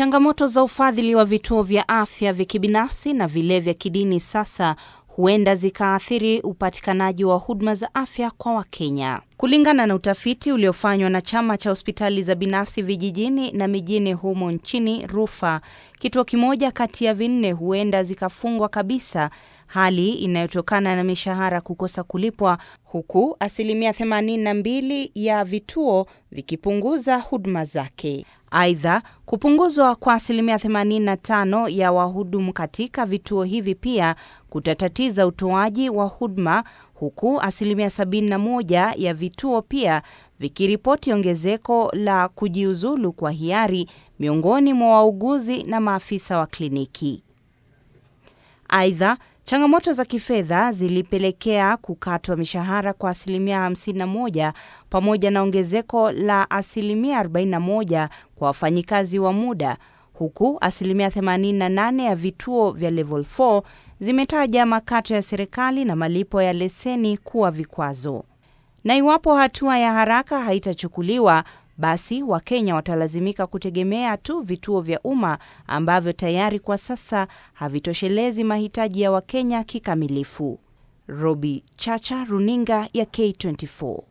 Changamoto za ufadhili wa vituo vya afya vya kibinafsi na vile vya kidini sasa huenda zikaathiri upatikanaji wa huduma za afya kwa Wakenya. Kulingana na utafiti uliofanywa na chama cha hospitali za binafsi vijijini na mijini humo nchini RUFA, kituo kimoja kati ya vinne huenda zikafungwa kabisa, hali inayotokana na mishahara kukosa kulipwa, huku asilimia 82 ya vituo vikipunguza huduma zake. Aidha, kupunguzwa kwa asilimia 85 ya wahudumu katika vituo hivi pia kutatatiza utoaji wa huduma, huku asilimia 71 ya vituo pia vikiripoti ongezeko la kujiuzulu kwa hiari miongoni mwa wauguzi na maafisa wa kliniki. Aidha, changamoto za kifedha zilipelekea kukatwa mishahara kwa asilimia 51 pamoja na ongezeko la asilimia 41 kwa wafanyikazi wa muda, huku asilimia 88 ya vituo vya level 4 zimetaja makato ya serikali na malipo ya leseni kuwa vikwazo. Na iwapo hatua ya haraka haitachukuliwa, basi Wakenya watalazimika kutegemea tu vituo vya umma ambavyo tayari kwa sasa havitoshelezi mahitaji ya Wakenya kikamilifu. Robi Chacha, Runinga ya K24.